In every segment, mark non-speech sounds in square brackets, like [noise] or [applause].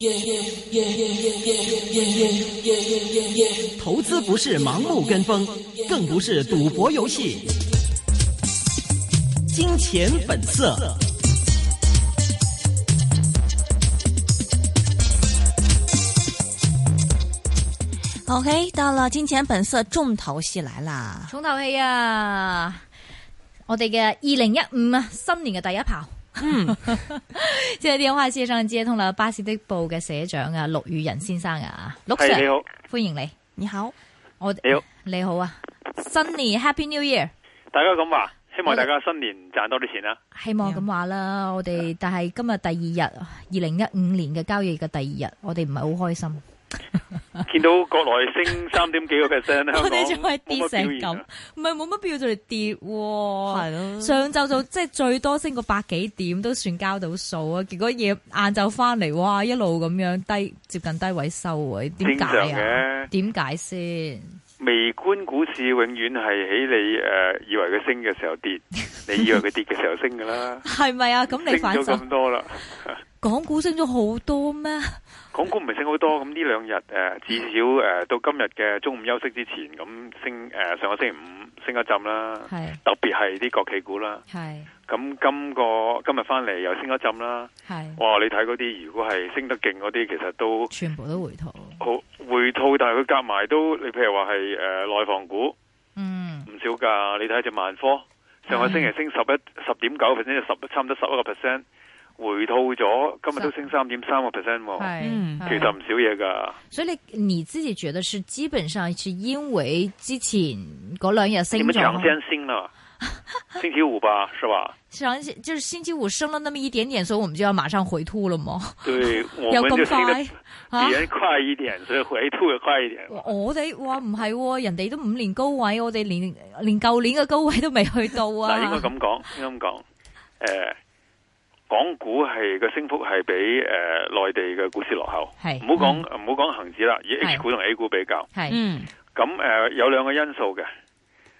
Yeah, yeah, yeah, yeah, yeah, yeah, yeah 投資不是盲目跟風，更不是賭博遊戲。金錢本色，色。OK，到了金錢本色重頭戲來啦！重頭戲啊，我哋嘅二零一五啊，新年嘅第一炮。嗯，即係電話線上接通啦，巴士的報嘅社長啊，陸羽仁先生啊，陸 Sir，你好，歡迎你，你好，你好我你好，你好啊，新年 Happy New Year，大家咁話，希望大家新年賺多啲錢啊， [laughs] 希望咁話啦，我哋但係今日第二日，二零一五年嘅交易嘅第二日，我哋唔係好開心。 [laughs] 見到國內升三點幾個 percent，我哋仲係跌成咁啊！唔係冇乜必要再嚟跌喎，係咯。啊啊、 [laughs] 上晝就即係最多升個百幾點都算交到數啊！結果夜晏晝翻嚟，哇一路咁樣低，接近低位收位，啊啊。正常嘅，啊，點解先？微觀股市永遠係喺你誒、呃、以為佢升嘅時候跌， [laughs] 你以為佢跌嘅時候升噶啦。係咪啊？咁、 [laughs] 啊、你反升咗咁多啦？ [laughs] 港股升咗好多咩？ [laughs] 港股唔係升好多，咁呢兩日誒，至少誒到今日嘅中午休息之前，咁升誒上個星期五升一浸啦，特別係啲國企股啦，咁今個今日翻嚟又升一浸啦，哇！你睇嗰啲如果係升得勁嗰啲，其實都全部都回套好回吐，但係佢夾埋都，你譬如話係誒內房股，嗯，唔少噶，你睇隻萬科，上個星期升十一十點九 percent，十差唔多十一個 percent。回吐咗，今日都升三點三個 percent，其實唔少嘢噶。所以你你自己覺得是基本上是因為之前嗰兩日升咗，搶先升啦， [laughs] 星期五吧，是吧？搶就是星期五升了那麼一點點，所以我們就要馬上回吐了嘛。對，有咁快，比人快一點， [laughs] 啊、所以回吐又快一點。我哋哇唔係、哦，人哋都五年高位，我哋連連舊年嘅高位都未去到啊。應該咁講，應該咁講，誒。呃港股係、個升幅係比誒內、呃、地嘅股市落後，唔好講唔好講恒指啦，以 H 股同 A 股比較，咁誒、嗯呃、有兩個因素嘅，誒、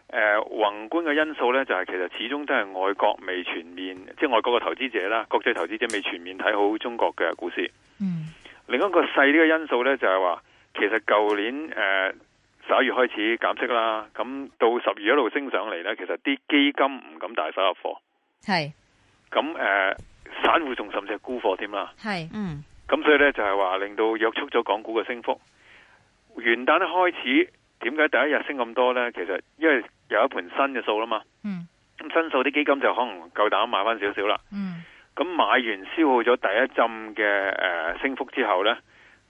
呃、宏觀嘅因素咧就係、是、其實始終都係外國未全面，即係外國嘅投資者啦，國際投資者未全面睇好中國嘅股市。嗯，另一個細啲嘅因素咧就係、是、話，其實舊年誒十一月開始減息啦，咁到十二月一路升上嚟咧，其實啲基金唔敢大手入貨，係，咁誒。呃散戶仲甚至係沽貨添啦，係，嗯咁，所以咧就係、是、話令到約束咗港股嘅升幅。元旦開始，點解第一日升咁多咧？其實因為有一盤新嘅數啦嘛，嗯咁，新數啲基金就可能夠膽買翻少少啦，嗯咁買完消耗咗第一浸嘅誒升幅之後咧，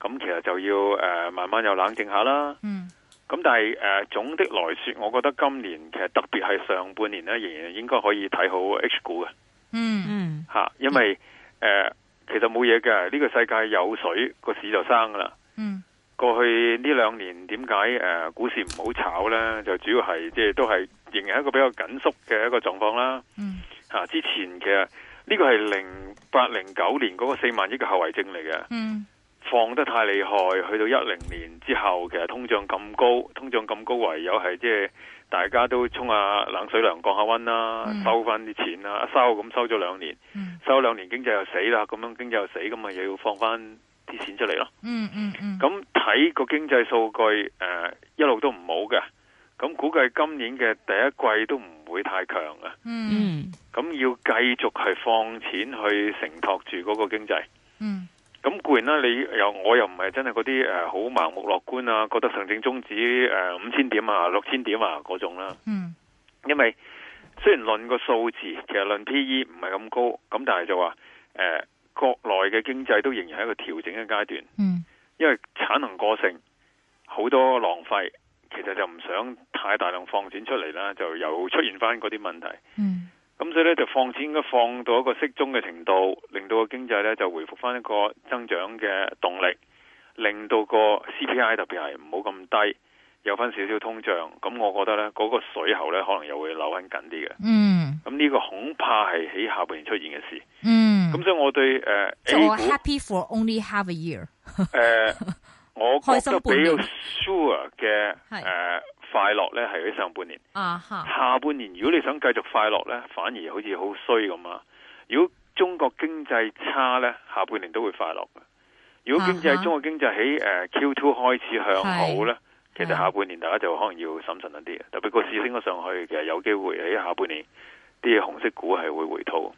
咁其實就要誒、呃、慢慢又冷靜下啦，嗯咁但係誒、呃、總的來說，我覺得今年其實特別係上半年咧，仍然應該可以睇好 H 股嘅，嗯嗯。吓，因為誒、嗯呃，其實冇嘢嘅，呢、這個世界有水個市就升噶啦。嗯，過去呢兩年點解誒股市唔好炒咧？就主要係即係都係仍然一個比較緊縮嘅一個狀況啦。嗯，吓、啊、之前其實呢個係零八零九年嗰個四萬億嘅後遺症嚟嘅。嗯，放得太厲害，去到一零年之後，其實通脹咁高，通脹咁高、就是，唯有係即係。大家都沖下冷水涼，降下溫啦，嗯、收翻啲錢啦，一收咁收咗兩年，嗯、收兩年經濟又死啦，咁樣經濟又死，咁咪又要放翻啲錢出嚟咯。嗯嗯嗯，咁、嗯、睇個經濟數據誒、呃，一路都唔好嘅，咁估計今年嘅第一季都唔會太強啊。嗯，咁要繼續係放錢去承托住嗰個經濟。咁固然啦，你又我又唔係真係嗰啲誒好盲目樂觀啊，覺得上證終止誒、呃、五千點啊六千點啊嗰種啦、啊。嗯。因為雖然論個數字，其實論 PE 唔係咁高，咁但係就話誒、呃、國內嘅經濟都仍然係一個調整嘅階段。嗯。因為產能過剩，好多浪費，其實就唔想太大量放展出嚟啦，就又出現翻嗰啲問題。嗯。咁所以咧，就放錢應該放到一個適中嘅程度，令到個經濟咧，就回復翻一個增長嘅動力，令到個 CPI 特別係唔好咁低，有翻少少通脹。咁我覺得咧，嗰、那個水喉咧可能又會扭緊緊啲嘅。嗯。咁呢個恐怕係喺下半年出現嘅事。嗯。咁所以我對誒、呃、happy for only half a year。誒 [laughs] 呃，我覺得比較 sure 嘅。係。呃快樂咧係喺上半年，uh -huh. 下半年如果你想繼續快樂咧，反而好似好衰咁啊。如果中國經濟差咧，下半年都會快樂嘅。如果經濟係中國經濟喺誒 Q two 開始向好咧，uh -huh. 其實下半年大家就可能要審慎一啲。Uh -huh. 特別個市升咗上去，其實有機會喺下半年啲紅色股係會回吐。Uh -huh.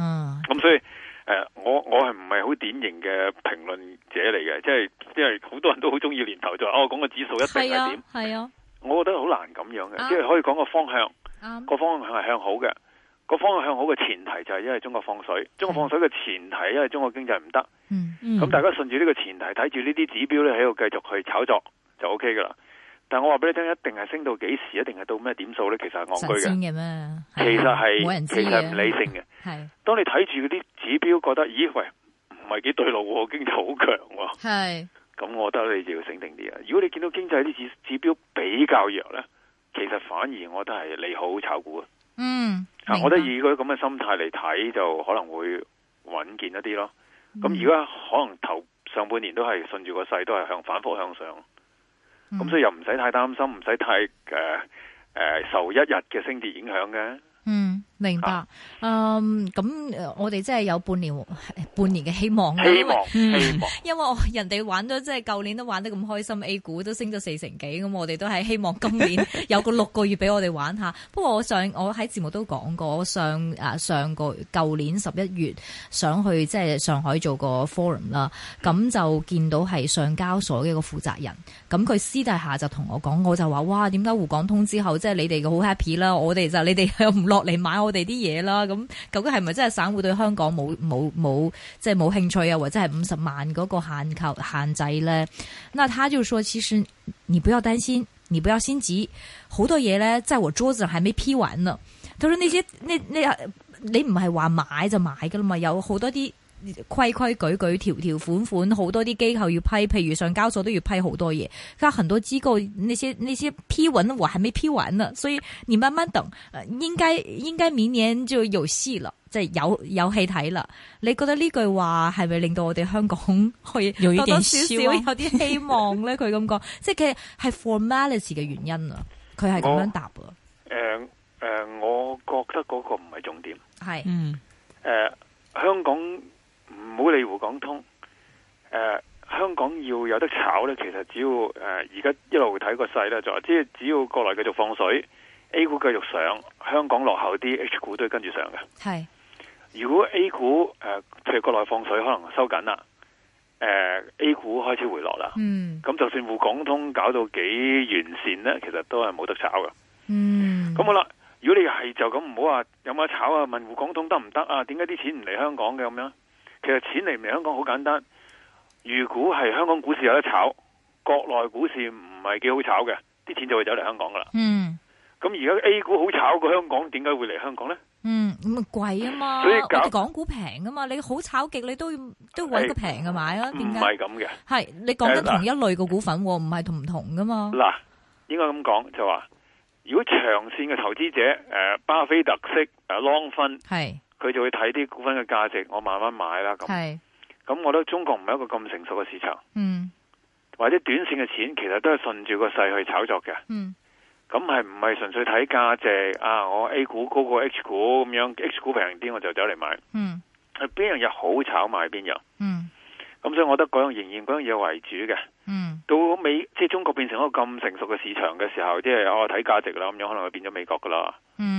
嗯，咁所以誒、呃，我我係唔係好典型嘅評論者嚟嘅，即係即係好多人都好中意年頭就是、哦講個指數一定係點係啊。Uh -huh. 我覺得好難咁樣嘅，即、啊、係可以講個方向，個、啊、方向係向好嘅。個方向向好嘅前提就係因為中國放水，中國放水嘅前提因為中國經濟唔得。咁、嗯嗯、大家順住呢個前提睇住呢啲指標咧喺度繼續去炒作就 OK 噶啦。但係我話俾你聽，一定係升到幾時，一定係到咩點數咧？其實係戇居嘅。神仙嘅咩？其實係冇人知嘅。其實係唔理性嘅、嗯。當你睇住嗰啲指標，覺得咦喂，唔係幾對路？我經濟好強。係。咁，我覺得你就要醒定啲啊！如果你見到經濟啲指指標比較弱呢，其實反而我覺得係利好炒股啊。嗯，啊，我覺得以佢咁嘅心態嚟睇，就可能會穩健一啲咯。咁而家可能頭上半年都係順住個勢，都係向反覆向上。咁所以又唔使太擔心，唔使太誒、呃呃、受一日嘅升跌影響嘅。嗯。明白，嗯，咁我哋真係有半年半年嘅希，希望，希、嗯、望，希望，因為人哋玩咗即係舊年都玩得咁開心，A 股都升咗四成幾，咁我哋都係希望今年有個六個月俾我哋玩下。 [laughs] 不過我上我喺節目都講過，我上啊上個舊年十一月想去即係上海做個 forum 啦，咁就見到係上交所嘅一個負責人，咁佢私底下就同我講，我就話哇，點解滬港通之後即係、就是、你哋好 happy 啦？我哋就你哋又唔落嚟買我。我哋啲嘢啦，咁究竟係咪真係散戶對香港冇冇冇即係冇興趣啊？或者係五十萬嗰個限購限制咧？那他就說：其實你不要擔心，你不要心急，好多嘢咧在我桌子上還沒批完呢。他說：那些那那，你唔係話買就買噶啦嘛，有好多啲。規規矩矩條條款款，好多啲機構要批，譬如上交所都要批好多嘢。而家很多機構，那些那些批允或係未批完啊，所以你慢慢等。應該應該明年就有戲啦，即係有有戲睇啦。你覺得呢句話係咪令到我哋香港可以多多少少有啲希望咧？佢咁講，即係佢係 formality 嘅原因啊。佢係咁樣答啊。誒誒、呃呃，我覺得嗰個唔係重點。係嗯誒、呃，香港。唔好理滬港通，誒、呃，香港要有得炒咧，其實只要誒而家一路睇個勢咧，就係即係只要國內繼續放水，A 股繼續上，香港落後啲 H 股都跟住上嘅。係如果 A 股誒，譬如、呃、國內放水可能收緊啦，誒、呃、，A 股開始回落啦。嗯，咁就算滬港通搞到幾完善咧，其實都係冇得炒嘅。嗯，咁好啦，如果你係就咁唔好話有冇炒啊？問滬港通得唔得啊？點解啲錢唔嚟香港嘅咁樣？其實錢嚟唔嚟香港好簡單，如果係香港股市有得炒，國內股市唔係幾好炒嘅，啲錢就會走嚟香港噶啦。嗯，咁而家 A 股好炒過香港，點解會嚟香港咧？嗯，咁啊貴啊嘛，所以港股平啊嘛，你好炒極，你都都揾個平嘅買啊，點解唔係咁嘅？係你講緊同一類嘅股份，唔係同唔同噶嘛？嗱，應該咁講就話，如果長線嘅投資者，誒，巴菲特式，誒，long fund 係。佢就會睇啲股份嘅價值，我慢慢買啦。咁，咁我覺得中國唔係一個咁成熟嘅市場。嗯，或者短線嘅錢其實都係順住個勢去炒作嘅。嗯，咁係唔係純粹睇價值？啊，我 A 股高過 H 股咁樣，H 股平啲我就走嚟買。嗯，係邊樣嘢好炒賣邊樣。嗯，咁所以我覺得嗰樣仍然嗰樣嘢為主嘅。嗯，到美即係中國變成一個咁成熟嘅市場嘅時候，即係，啊，我睇價值啦，咁樣可能會變咗美國噶啦。嗯。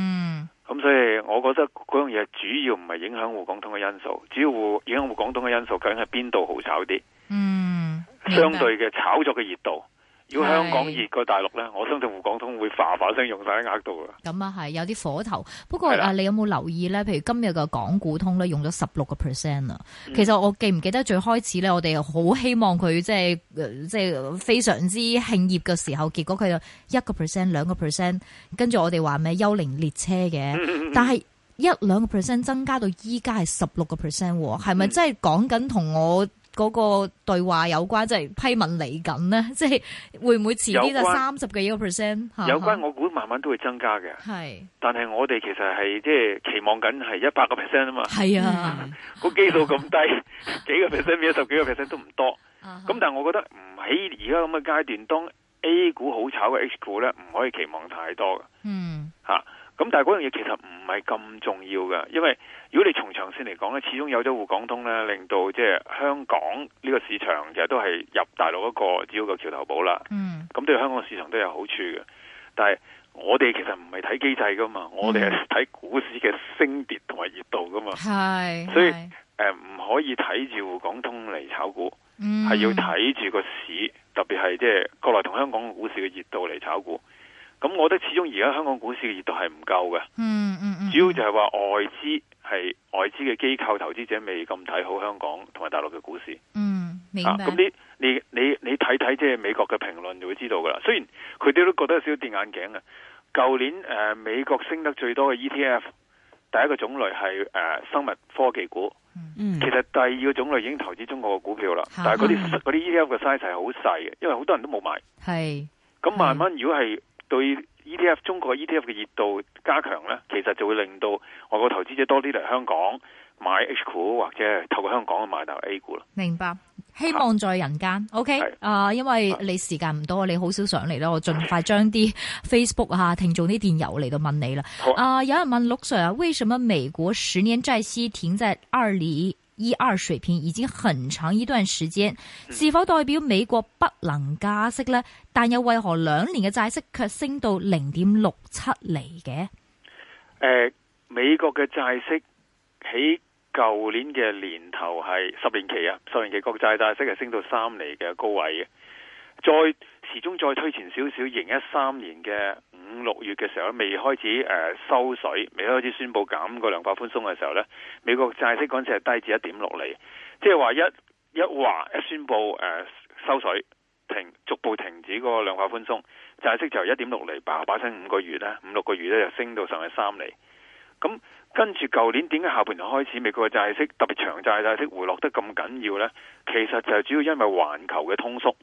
咁、嗯、所以，我覺得嗰樣嘢主要唔係影響滬港通嘅因素，主要影響滬港通嘅因素，究竟係邊度好炒啲？嗯，相對嘅炒作嘅熱度。如果香港熱過大陸咧，我相信滬港通會嘩嘩聲用晒啲額度啊！咁啊，係有啲火頭。不過啊，你有冇留意咧？譬如今日嘅港股通咧，用咗十六個 percent 啦。嗯、其實我記唔記得最開始咧，我哋好希望佢即係即係非常之興業嘅時候，結果佢就一個 percent、兩個 percent，跟住我哋話咩幽靈列車嘅。嗯、但係一兩個 percent 增加到依家係十六個 percent，係咪真係講緊同我？嗰、那個對話有關，即、就、係、是、批文嚟緊呢，即 [laughs] 係會唔會遲啲就三十幾個 percent？有關， [laughs] 有關我估慢慢都會增加嘅。係，但係我哋其實係即係期望緊係一百個 percent 啊嘛。係啊，個基數咁低， [laughs] 幾個 percent 變咗十幾個 percent 都唔多。咁 [laughs] 但係我覺得唔喺而家咁嘅階段，當 A 股好炒嘅 H 股咧，唔可以期望太多嘅。嗯，吓咁，但係嗰樣嘢其實唔係咁重要嘅，因為。如果你從長線嚟講咧，始終有咗滬港通咧，令到即係香港呢個市場其實都係入大陸一個主要一個橋頭堡啦。嗯，咁對香港市場都有好處嘅。但係我哋其實唔係睇機制噶嘛，嗯、我哋係睇股市嘅升跌同埋熱度噶嘛。係，所以誒唔、呃、可以睇住滬港通嚟炒股，係、嗯、要睇住個市，特別係即係國內同香港股市嘅熱度嚟炒股。咁我覺得始終而家香港股市嘅熱度係唔夠嘅。嗯嗯、嗯主要就係話外資。外資嘅機構投資者未咁睇好香港同埋大陸嘅股市，嗯，明白。咁啲、啊、你你你睇睇即係美國嘅評論就會知道噶啦。雖然佢哋都覺得有少少跌眼鏡嘅、啊。舊年誒、呃、美國升得最多嘅 ETF，第一個種類係誒、呃、生物科技股、嗯，其實第二個種類已經投資中國嘅股票啦、嗯。但係嗰啲啲 ETF 嘅 size 係好細嘅，因為好多人都冇買。係，咁慢慢如果係對。E T F 中國 E T F 嘅熱度加強咧，其實就會令到外國投資者多啲嚟香港買 H 股或者透過香港買埋 A 股咯。明白，希望在人間。啊、o、okay? K 啊，因為你時間唔多，你好少上嚟咯，我盡快將啲 Facebook 啊聽眾呢電郵嚟到問你啦、啊。啊，有人問陸 Sir 啊，為什麼美國十年債息停在二釐？e、ER、二水平已經很長一段時間，是否代表美國不能加息呢？但又為何兩年嘅債息卻升到零點六七厘嘅、呃。美國嘅債息喺舊年嘅年頭係十年期啊，十年期國債債息係升到三厘嘅高位嘅。再時鐘再推前少少，二零一三年嘅五六月嘅時候咧，未開始誒、呃、收水，未開始宣布減個量化寬鬆嘅時候咧，美國債息嗰陣時係低至一點六厘，即係話一一話一宣布誒、呃、收水停，逐步停止個量化寬鬆，債息就由一點六厘，叭叭升五個月咧，五六個月咧就升到上去三厘。咁跟住舊年點解下半年開始美國嘅債息特別長債的債息回落得咁緊要咧？其實就係主要因為環球嘅通縮。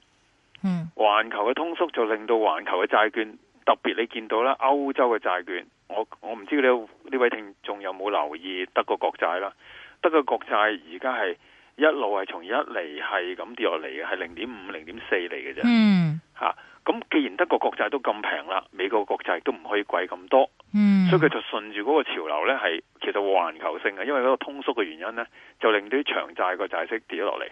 嗯，環球嘅通縮就令到環球嘅債券，特別你見到啦，歐洲嘅債券，我我唔知你呢位聽眾有冇留意德國國債啦？德國國債而家係一路係從一厘係咁跌落嚟嘅，係零點五、零點四厘嘅啫。嗯，吓、啊，咁既然德國國債都咁平啦，美國國債都唔可以貴咁多。嗯，所以佢就順住嗰個潮流咧，係其實環球性嘅，因為嗰個通縮嘅原因咧，就令到啲長債個債息跌咗落嚟。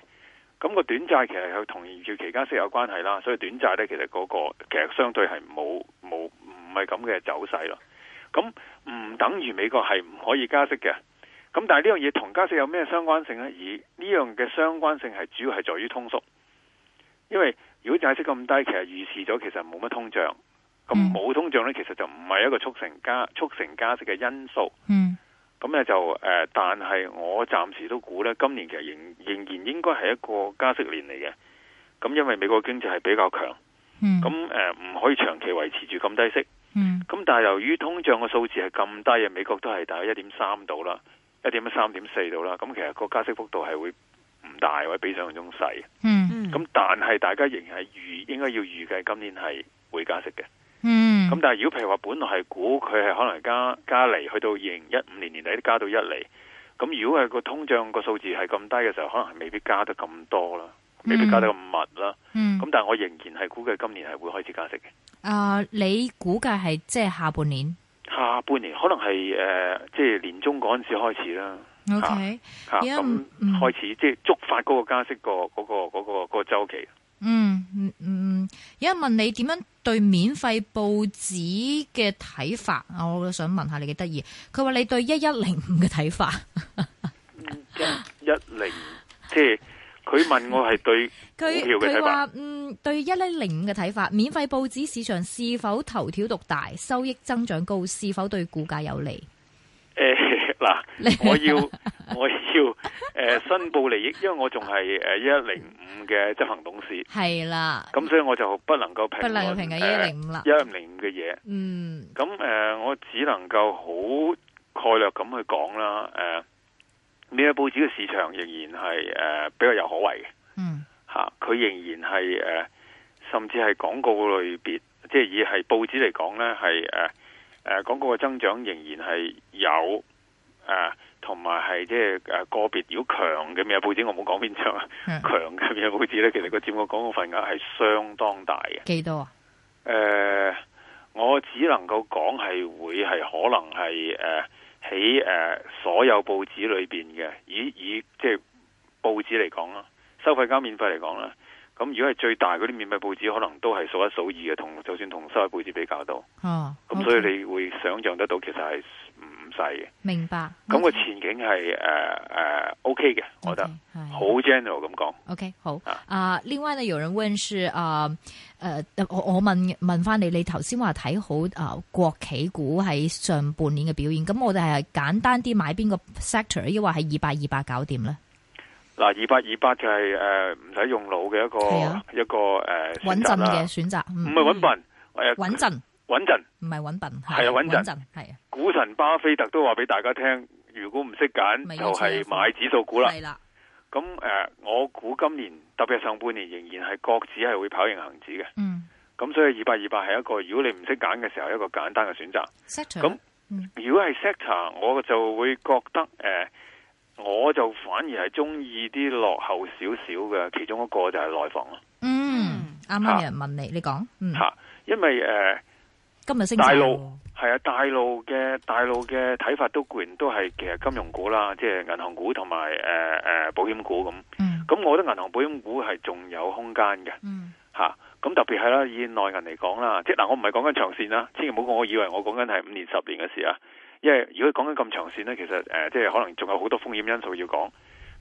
咁、那個短債其實係同預期加息有關係啦，所以短債咧其實嗰、那個其實相對係冇冇唔係咁嘅走勢咯。咁唔等於美國係唔可以加息嘅。咁但係呢樣嘢同加息有咩相關性呢？而呢樣嘅相關性係主要係在於通縮。因為如果債息咁低，其實預示咗其實冇乜通脹。咁冇通脹呢，其實就唔係一個促成加促成加息嘅因素。嗯咁咧就、呃、但係我暫時都估咧，今年其實仍仍然應該係一個加息年嚟嘅。咁因為美國經濟係比較強，咁、嗯、呃、唔可以長期維持住咁低息。咁、嗯、但係由於通脹嘅數字係咁低，美國都係大概一點三度啦，一點三點四度啦。咁其實個加息幅度係會唔大或者比想像中細。咁、嗯、但係大家仍然係預、應該要預計今年係會加息嘅。咁但係如果譬如話本來係估佢係可能加加嚟，去到二零一五年年底都加到一厘。咁如果係個通脹個數字係咁低嘅時候，可能係未必加得咁多啦，未必加得咁密啦。咁、嗯嗯、但係我仍然係估計今年係會開始加息嘅。啊、呃，你估計係即係下半年？下半年可能係誒、呃，即係年中嗰陣時開始啦。OK，咁開始、嗯、即係觸發嗰個加息、嗰個嗰、嗰個嗰、嗰個、嗰個周期。嗯嗯嗯，而家問你點樣？對免費報紙嘅睇法，我想問下你嘅得意。佢話你對一一零五嘅睇法，一零即係佢問我係對頭條嘅睇法。佢佢話嗯對一一零五嘅睇法，免費報紙市場是否頭條獨大，收益增長高，是否對股價有利？誒 [laughs] 嗱， [laughs] 我要我。 [laughs] 叫誒、呃，申報利益，因為我仲係誒一一零五嘅執行董事，係啦，咁所以我就不能夠評，不能夠評一一零五啦，一一零五嘅嘢，嗯，咁誒、呃，我只能夠好概略咁去講啦，誒、呃，呢個報紙嘅市場仍然係誒、呃、比較有可為嘅，嗯，吓、啊，佢仍然係誒、呃，甚至係廣告類別，即係以係報紙嚟講咧，係誒誒，呃、廣告嘅增長仍然係有，啊、呃。同埋係即係個別如果強嘅咩報紙，我冇講邊張強嘅咩報紙咧。其實佢佔我廣告份額係相當大嘅。幾多啊、呃？我只能夠講係會係可能係喺、呃呃、所有報紙裏面嘅，以以即係、就是、報紙嚟講啦，收費加免費嚟講啦。咁如果係最大嗰啲免費報紙，可能都係數一數二嘅，同就算同收費報紙比較都。哦、啊。咁、okay. 所以你會想像得到，其實係。明白。咁、那個前景係誒誒，O K 嘅，uh, okay、okay, 我覺得好、yeah. general 咁講。O、okay, K，好。啊、uh, 另外呢，有人問住啊誒，我、uh, uh, 我問問翻你，你頭先話睇好啊、uh, 國企股喺上半年嘅表現，咁我哋係簡單啲買邊個 sector，抑或係二百、二百搞掂咧？嗱，二百、二百就係誒唔使用腦嘅一個、yeah. 一個誒穩陣嘅選擇，唔係穩笨，穩陣。嗯穩陣，唔係穩品，係啊！穩陣係啊！股神巴菲特都話俾大家聽，如果唔識揀就係、是、買指數股啦。係啦，咁誒、呃，我估今年特別上半年仍然係國指係會跑贏恒指嘅。嗯，咁所以二八二八係一個如果你唔識揀嘅時候一個簡單嘅選擇。sector 咁、嗯、如果係 sector，我就會覺得誒、呃，我就反而係中意啲落後少少嘅，其中一個就係內房咯。嗯，啱、嗯、啱有人問你，啊、你講吓、嗯啊，因為誒。呃大陸係啊，大陸嘅大陸嘅睇法，都固然都係，其實金融股啦，即係銀行股同埋誒誒保險股咁。咁、嗯、我覺得銀行保險股係仲有空間嘅。嗯、吓、啊、咁特別係啦，以內銀嚟講啦，即係嗱，我唔係講緊長線啦，千祈唔好講。我以為我講緊係五年十年嘅事啊，因為如果講緊咁長線咧，其實誒、呃，即係可能仲有好多風險因素要講。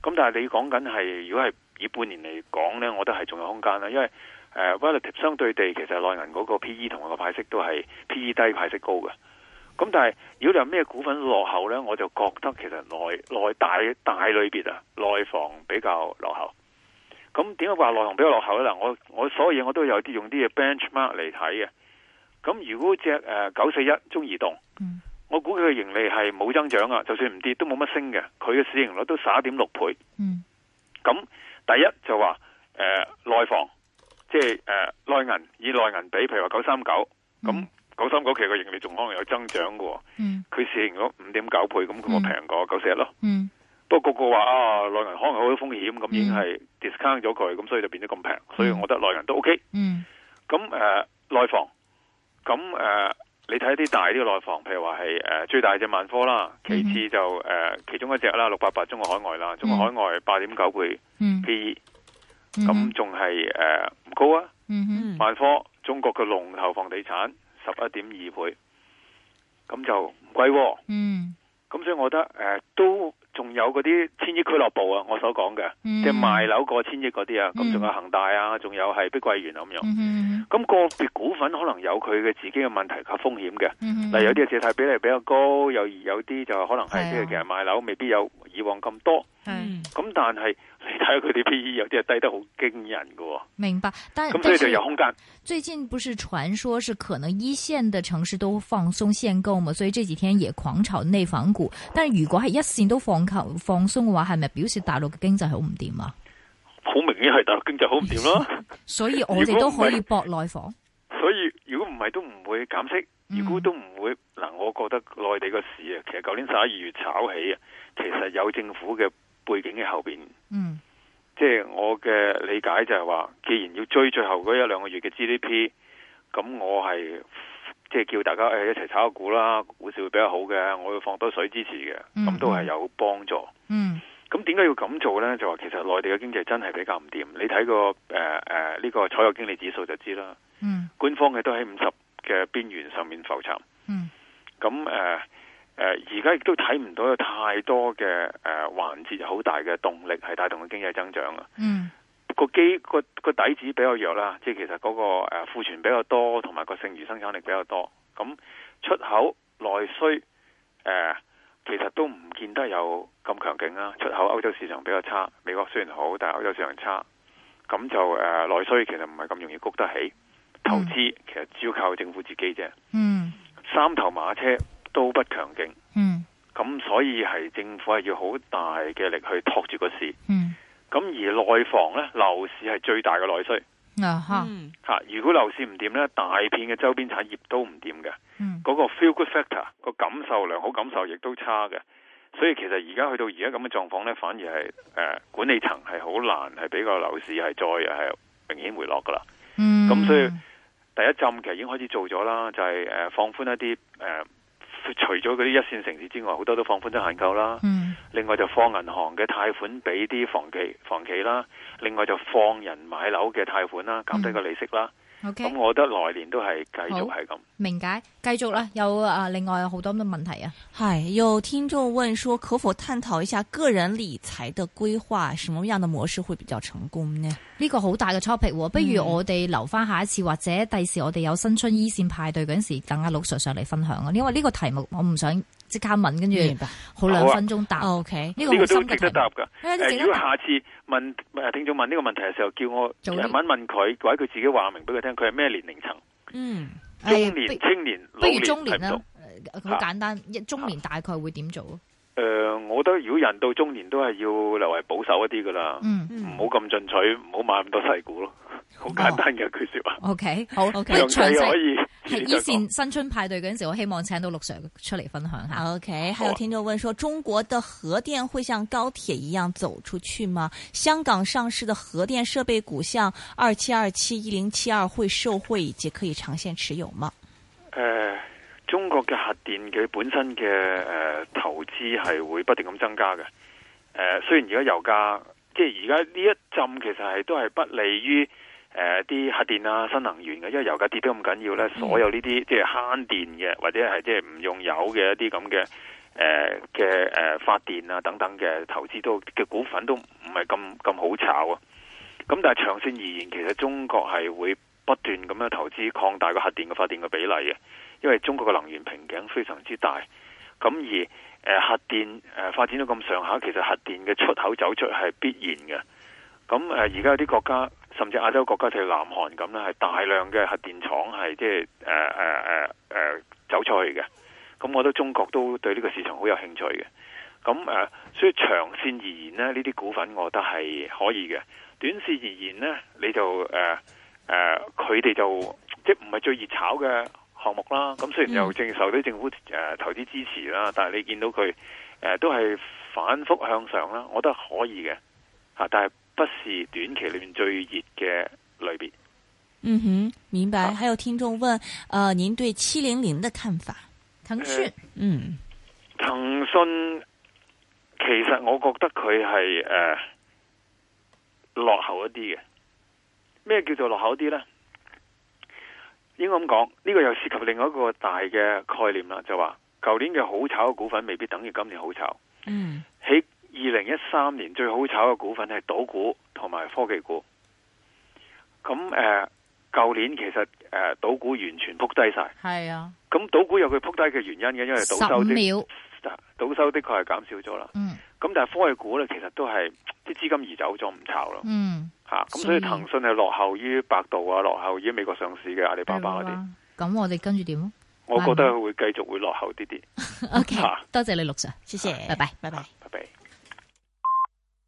咁但係你講緊係如果係以半年嚟講咧，我覺得係仲有空間啦，因為。誒 volatility 相對地，其實內銀嗰個 P/E 同個派息都係 P/E 低派息高嘅。咁但係如果你話咩股份落後咧，我就覺得其實內內大大類別啊，內房比較落後。咁點解話內房比較落後咧？嗱，我我所有嘢我都有啲用啲嘅 benchmark 嚟睇嘅。咁如果隻誒九四一、呃、941, 中移動，我估佢嘅盈利係冇增長啊，就算唔跌都冇乜升嘅。佢嘅市盈率都十一點六倍。咁、嗯、第一就話誒內房。即係誒內銀以內銀比，譬如話九三九，咁九三九其實個盈利仲可能有增長嘅、哦，佢、嗯、市盈咗五點九倍，咁佢咪平過九四一咯。不、嗯、過、嗯、個話啊內銀可能有好多風險，咁已經係 discount 咗佢，咁所以就變得咁平。所以我覺得內銀都 OK。咁誒內房，咁誒、呃、你睇啲大啲嘅內房，譬如話係誒最大隻萬科啦，其次就誒、呃、其中一隻啦六八八中國海外啦，嗯、中國海外八點九倍 PE、嗯。嗯咁仲係誒唔高啊，mm -hmm. 萬科中國嘅龍頭房地產十一點二倍，咁就唔貴啊，喎。咁所以我覺得誒、呃、都仲有嗰啲千億俱樂部啊，我所講嘅即係賣樓過千億嗰啲啊，咁仲有恒大啊，仲、mm -hmm. 有係碧桂園咁樣。咁、mm -hmm. 個別股份可能有佢嘅自己嘅問題及風險嘅。嗱、mm -hmm.，有啲嘅借貸比例比較高，有有啲就可能係即係其實賣樓未必有以往咁多。咁、mm -hmm. 但係。你睇下佢哋 PE，有啲係低得好驚人嘅喎。明白，但咁所以就有空間。最近不是傳說是可能一線嘅城市都放鬆限購嘛？所以這幾天也狂炒內房股。但是如果係一線都放購放鬆嘅話，係咪表示大陸嘅經濟好唔掂啊？好明顯係大陸經濟好唔掂咯 [laughs] 所們不。所以我哋都可以搏內房。所以如果唔係都唔會減息，嗯，如果都唔會嗱，我覺得內地個市啊，其實舊年十一二月炒起啊，其實有政府嘅。背景嘅後邊，嗯，即係我嘅理解就係話，既然要追最後嗰一兩個月嘅 GDP，咁我係即係叫大家誒一齊炒下股啦，股市會比較好嘅，我要放多水支持嘅，咁都係有幫助。嗯，咁點解要咁做呢？就話其實內地嘅經濟真係比較唔掂，你睇個、呃呃這個誒誒呢個採購經理指數就知啦。嗯，官方嘅都喺五十嘅邊緣上面浮沉。嗯，咁誒。呃誒、呃，而家亦都睇唔到有太多嘅誒環節好大嘅動力係帶動嘅經濟增長啊！嗯，個基個個底子比較弱啦，即係其實嗰，那個誒庫、呃、存比較多，同埋個剩餘生產力比較多。咁出口內需誒、呃，其實都唔見得有咁強勁啦。出口歐洲市場比較差，美國雖然好，但係歐洲市場差。咁就誒內、呃、需其實唔係咁容易谷得起，嗯、投資其實主要靠政府自己啫。嗯，三頭馬車。都不強勁，嗯，咁所以係政府係要好大嘅力去托住個市，嗯，咁而內房呢，樓市係最大嘅內需，吓、啊嗯，如果樓市唔掂呢，大片嘅周邊產業都唔掂嘅，嗰、嗯那個 feel good factor 個感受良好感受亦都差嘅，所以其實而家去到而家咁嘅狀況呢，反而係誒、呃、管理層係好難係俾個樓市係再係明顯回落噶啦，咁、嗯、所以第一浸其實已經開始做咗啦，就係、是、誒、呃、放寬一啲誒。呃除咗嗰啲一線城市之外，好多都放寬咗限購啦。嗯。另外就放銀行嘅貸款俾啲房企房企啦，另外就放人買樓嘅貸款啦，減低個利息啦。O、嗯、K。咁、okay. 我覺得來年都係繼續係咁。明白，繼續啦。有啊，另外有好多咩問題啊。係有聽眾問說，可否探討一下個人理財嘅規劃，什麼樣的模式會比較成功呢？呢、這個好大嘅 topic，不如我哋留翻下一次，或者第時我哋有新春一線派對嗰陣時候，等陸 sir 上嚟分享啊！因為呢個題目我唔想即刻問，跟住好兩分鐘答。O K，呢個都都值得答噶，這個啊。如果下次問聽眾問呢個問題嘅時候，叫我用日文問佢，或者佢自己話明俾佢聽，佢係咩年齡層？嗯，中年、青年、老年、不如中年啦。好簡單，啊，中年大概會點做？誒、呃，我覺得如果人到中年都係要略為保守一啲噶啦，唔好咁進取，唔好買咁多細股咯，好簡單嘅一句說話。哦、OK，好，o k 可以。喺以前新春派對嗰陣時候，我希望請到陸 sir 出嚟分享下。OK，還有聽眾問說、哦，中國的核電會像高鐵一樣走出去嗎？香港上市的核電設備股像，像二七二七、一零七二，會受惠以及可以長線持有嗎？誒、呃。中國嘅核電佢本身嘅誒、呃、投資係會不斷咁增加嘅，誒、呃、雖然而家油價即係而家呢一浸其實係都係不利於誒啲、呃、核電啊、新能源嘅，因為油價跌得咁緊要咧，所有呢啲即係慳電嘅或者係即係唔用油嘅一啲咁嘅誒嘅誒發電啊等等嘅投資都嘅股份都唔係咁咁好炒啊。咁但係長線而言，其實中國係會不斷咁樣投資擴大個核電嘅發電嘅比例嘅。因為中國嘅能源瓶頸非常之大，咁而、呃、核電誒、呃、發展到咁上下，其實核電嘅出口走出係必然嘅。咁誒而家有啲國家，甚至亞洲國家，譬如南韓咁啦，係大量嘅核電廠係即係誒誒誒誒走出去嘅。咁我覺得中國都對呢個市場好有興趣嘅。咁誒、呃，所以長線而言呢，呢啲股份我覺得係可以嘅。短線而言呢，你就誒誒，佢、呃、哋、呃、就即係唔係最熱炒嘅。項目啦，咁雖然又正受啲政府誒投資支持啦、嗯，但係你見到佢誒、呃、都係反覆向上啦，我覺得可以嘅吓、啊，但係不是短期裏面最熱嘅類別。嗯哼，明白。啊、還有聽眾問，誒、呃，您對七零零的看法？騰訊、呃，嗯，騰訊其實我覺得佢係誒落後一啲嘅，咩叫做落後一啲呢？應該咁講，呢個又涉及另外一個大嘅概念啦，就話舊年嘅好炒嘅股份未必等於今年好炒。嗯，喺二零一三年最好炒嘅股份係賭股同埋科技股。咁誒，舊年其實誒賭股完全撲低曬。係啊。咁賭股有佢撲低嘅原因嘅，因為賭收啲。十五秒。賭收的確係減少咗啦。嗯。咁但係科技股咧，其實都係啲資金移走咗唔炒咯，吓、嗯、咁、啊、所以騰訊係落後於百度啊，落後於美國上市嘅阿里巴巴嗰啲。咁我哋跟住點？我覺得會繼續會落後啲啲。 [laughs] OK，、啊、多謝你陸 Sir，謝謝，拜拜，拜拜，啊、拜拜。